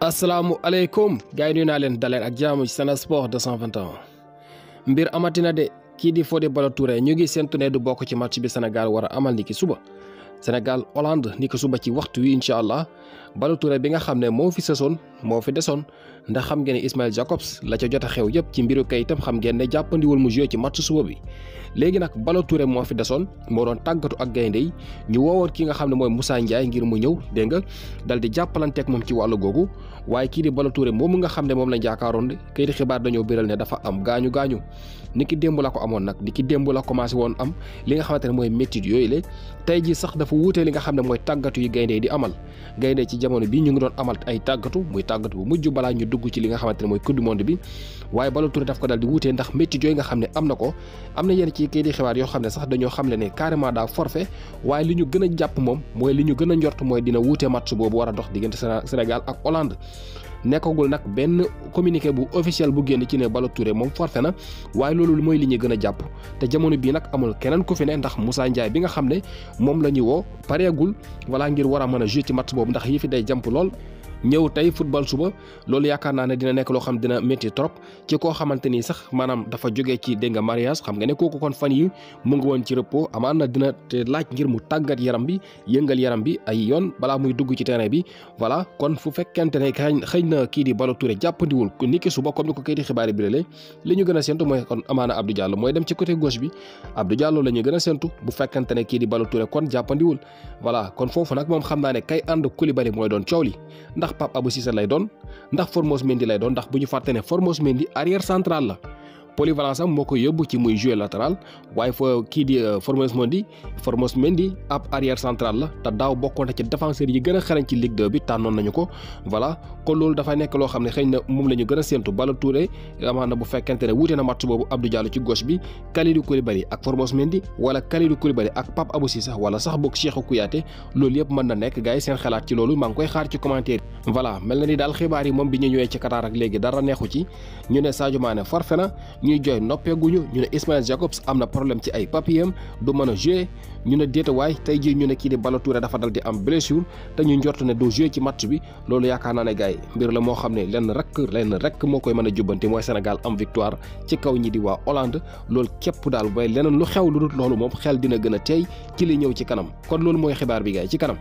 asalaamualeykum gars yi nuyu naa leen daleen ak jaamu ci Sen Sport 221 mbir amatina de kii di Fodé Ballo-Touré ñu ngi séntu ne du bokk ci match bi Sénégal war a amal ni ki suba Sénégal Hollande ni ki suba ci waxtu wi incha allah Ballo-Touré bi nga xam ne moo fi sësoon mo fi desoon ndax xam ngeen ismaël Ismail Jacobs la ca jot xew yeb ci mbiru kayitam xam ngeen ne jàppandiwul mu joué ci match suba bi léegi nak Ballo Touré mo fi desoon mo don tagatu ak gaynde yi ñu woowoon ki nga xam ne Moussa Ndiaye ngir mu ñew de nga dal di ak mom ci walu googu waye ki di Ballo Touré mom nga xam ne moom lañ xibaar dañu biral ne dafa am gañu gañu niki dembu la ko amoon nak niki dembu la commencé won am li nga xamantene moy metti yoy le tay ji sax dafa wuté li nga moy tagatu gaynde di amal gaynde ci jamono bi ñu ngi doon amal ay tagatu muy tàggatu bu mujj balaa ñu dugg ci li nga xamante ne mooy coupe du monde bi waaye Ballo Touré di wuutee ndax métti jooy nga xam ne am na ko am na yenn ci kayiti yoo xam ne sax dañoo xamle ne carrément daa forfait waaye li ñu gën a jàpp moom mooy li ñu gën a mooy dina wuutee match boobu war a dox diggante Sénégal ak Hollande nekkagul nag benn communiqué bu officiel bu génn ci ne Ballo Touré moom forfait na waaye loolu mooy li ñu gën a jàpp te jamono bii nag amul keneen ku fi ndax Moussa Ndiaye bi nga xam ne moom la ñu woo pareegul walaa ngir war a mën a jouer ci match boobu ndax fi day jàmp lool ñew tay football suba loolu yaakaar na dina nek lo xam dina metti trop ci ko xamanteni sax manam dafa joge ci denga mariage xam nga ne koku kon fan yi mu ngi won ci repos amana dina te laaj ngir mu tagat yaram bi yëngal yaram bi ay yoon bala muy dugg ci terrain bi voilà kon fu fekkente ne xeyna na di balo Touré jàppandiwul ni niki suba comme ko kayti xibaari bi birale li ñu sentu a séntu kon amana Abdou Diallo moy dem ci côté gauche bi Abdou Diallo lañu gëna sentu bu ne ki di balo Touré kon wul voilà kon fofu nak mom xam na ne kay and Koulibaly mooy doon coow ndax ndax Pape Abou lay doon ndax Formose Mendy lay doon ndax bu ñu fàtte ne Formose Mendy arrière central la polyvalence am moo ko yóbbu ci muy jouer latéral waaye fa kii di euh, Formose Mendy Formose Mendy ab arrière central la te daaw bokkoon na ci défenseur yi gën a xarañ ci Ligue bi tànnoon nañu ko voilà kon loolu dafa nekk loo xam ne xëy na moom la ñu gën a séentu Bala Touré amaana bu fekkente ne wuute na match boobu Abdou Diallo ci gauche bi Kalidou Koulibaly ak Formose Mendy wala Kalidou Koulibaly ak Pape Abou Cissé sax wala sax boog Cheikhou Kouyaté loolu yëpp mën na nekk gars yi seen xalaat ci loolu maa ngi koy xaar ci commentaire voilà mel na ni daal xibaar yi moom bi ñu ñëwee ci Qatar ak léegi dara ci ñu ne Sadio Mané forfait na ñuy jooy noppeeguñu ñu ne Ismail Jacobs am na problème ci ay papiyam du mën a jouer ñu ne waaye tey jii ñu ne kii di Balla Touré dafa dal di am blessure te ñu njort ne du jouer ci matt bi loolu yaakaar naa ne gars yi mbir la moo xam ne lenn rek lenn rek moo koy mën a jubbanti mooy senegal am victoire ci kaw ñi di waa Hollande loolu képp daal bay leneen lu xew lu dul loolu moom xel dina gën a teey ci li ñëw ci kanam kon loolu mooy xibaar bi gaay ci kanam